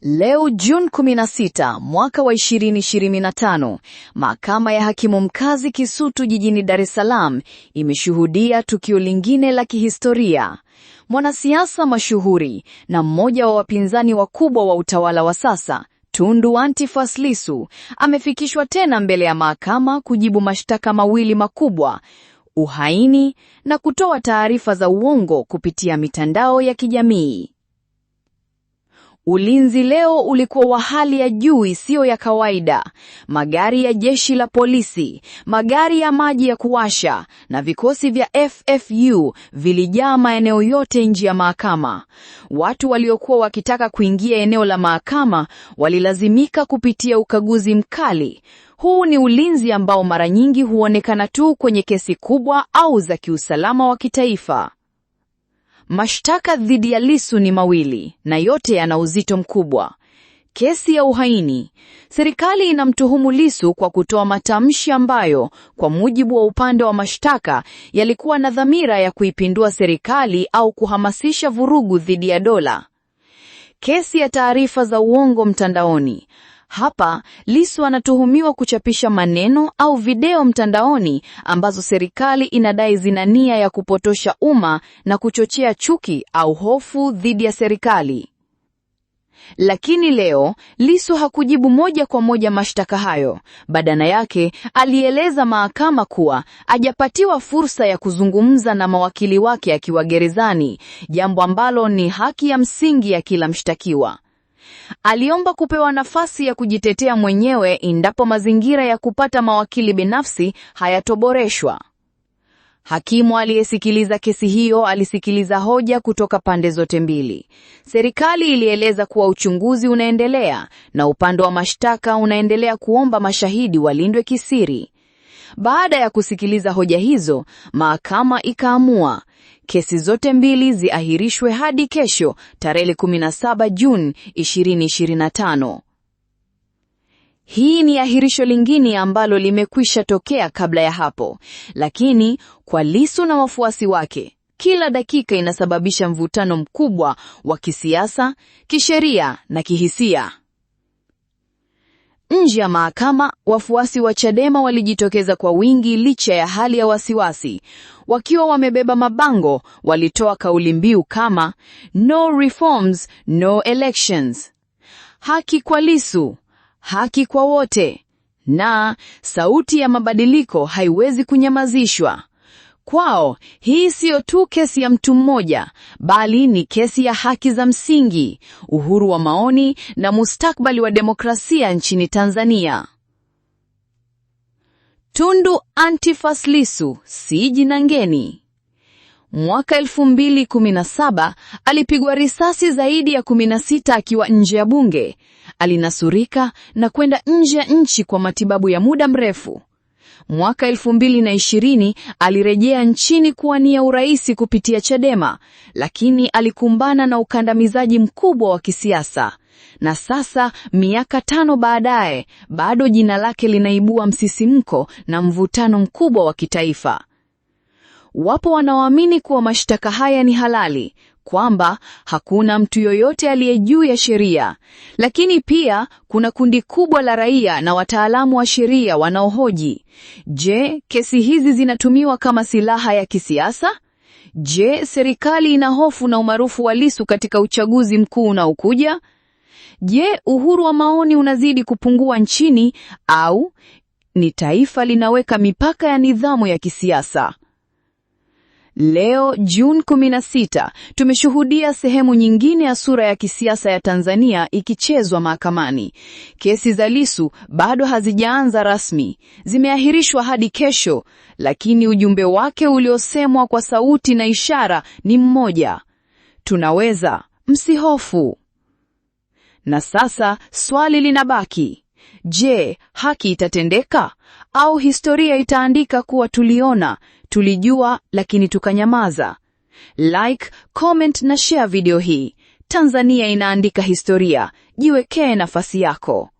Leo Juni 16 mwaka wa 2025, mahakama ya hakimu mkazi Kisutu jijini Dar es Salaam imeshuhudia tukio lingine la kihistoria. Mwanasiasa mashuhuri na mmoja wa wapinzani wakubwa wa utawala wa sasa Tundu antifas Lissu amefikishwa tena mbele ya mahakama kujibu mashtaka mawili makubwa: uhaini na kutoa taarifa za uongo kupitia mitandao ya kijamii. Ulinzi leo ulikuwa wa hali ya juu isiyo ya kawaida. Magari ya jeshi la polisi, magari ya maji ya kuwasha na vikosi vya FFU vilijaa maeneo yote nje ya mahakama. Watu waliokuwa wakitaka kuingia eneo la mahakama walilazimika kupitia ukaguzi mkali. Huu ni ulinzi ambao mara nyingi huonekana tu kwenye kesi kubwa au za kiusalama wa kitaifa. Mashtaka dhidi ya Lissu ni mawili na yote yana uzito mkubwa. Kesi ya uhaini. Serikali inamtuhumu Lissu kwa kutoa matamshi ambayo kwa mujibu wa upande wa mashtaka yalikuwa na dhamira ya kuipindua serikali au kuhamasisha vurugu dhidi ya dola. Kesi ya taarifa za uongo mtandaoni. Hapa Lissu anatuhumiwa kuchapisha maneno au video mtandaoni ambazo serikali inadai zina nia ya kupotosha umma na kuchochea chuki au hofu dhidi ya serikali. Lakini leo Lissu hakujibu moja kwa moja mashtaka hayo. Badala yake, alieleza mahakama kuwa hajapatiwa fursa ya kuzungumza na mawakili wake akiwa gerezani, jambo ambalo ni haki ya msingi ya kila mshtakiwa. Aliomba kupewa nafasi ya kujitetea mwenyewe endapo mazingira ya kupata mawakili binafsi hayatoboreshwa. Hakimu aliyesikiliza kesi hiyo alisikiliza hoja kutoka pande zote mbili. Serikali ilieleza kuwa uchunguzi unaendelea na upande wa mashtaka unaendelea kuomba mashahidi walindwe kisiri. Baada ya kusikiliza hoja hizo, mahakama ikaamua kesi zote mbili ziahirishwe hadi kesho tarehe 17 Juni 2025. Hii ni ahirisho lingine ambalo limekwisha tokea kabla ya hapo, lakini kwa Lissu na wafuasi wake, kila dakika inasababisha mvutano mkubwa wa kisiasa, kisheria na kihisia. Nje ya mahakama, wafuasi wa Chadema walijitokeza kwa wingi licha ya hali ya wasiwasi. Wakiwa wamebeba mabango, walitoa kauli mbiu kama no reforms, no elections, haki kwa Lissu, haki kwa wote, na sauti ya mabadiliko haiwezi kunyamazishwa. Kwao hii siyo tu kesi ya mtu mmoja, bali ni kesi ya haki za msingi, uhuru wa maoni na mustakbali wa demokrasia nchini Tanzania. Tundu Antifas Lissu si jina ngeni. Mwaka 2017 alipigwa risasi zaidi ya 16 akiwa nje ya bunge. Alinasurika na kwenda nje ya nchi kwa matibabu ya muda mrefu. Mwaka 2020 alirejea nchini kuwania urais kupitia Chadema, lakini alikumbana na ukandamizaji mkubwa wa kisiasa. Na sasa miaka tano baadaye, bado jina lake linaibua msisimko na mvutano mkubwa wa kitaifa. Wapo wanaoamini kuwa mashtaka haya ni halali kwamba hakuna mtu yoyote aliye juu ya sheria, lakini pia kuna kundi kubwa la raia na wataalamu wa sheria wanaohoji, je, kesi hizi zinatumiwa kama silaha ya kisiasa? Je, serikali ina hofu na umaarufu wa Lissu katika uchaguzi mkuu unaokuja? Je, uhuru wa maoni unazidi kupungua nchini au ni taifa linaweka mipaka ya nidhamu ya kisiasa? Leo Juni 16 tumeshuhudia sehemu nyingine ya sura ya kisiasa ya Tanzania ikichezwa mahakamani. Kesi za Lissu bado hazijaanza rasmi, zimeahirishwa hadi kesho, lakini ujumbe wake uliosemwa kwa sauti na ishara ni mmoja: tunaweza, msihofu. Na sasa swali linabaki, Je, haki itatendeka au historia itaandika kuwa tuliona, tulijua lakini tukanyamaza? Like, comment na share video hii. Tanzania inaandika historia. Jiwekee nafasi yako.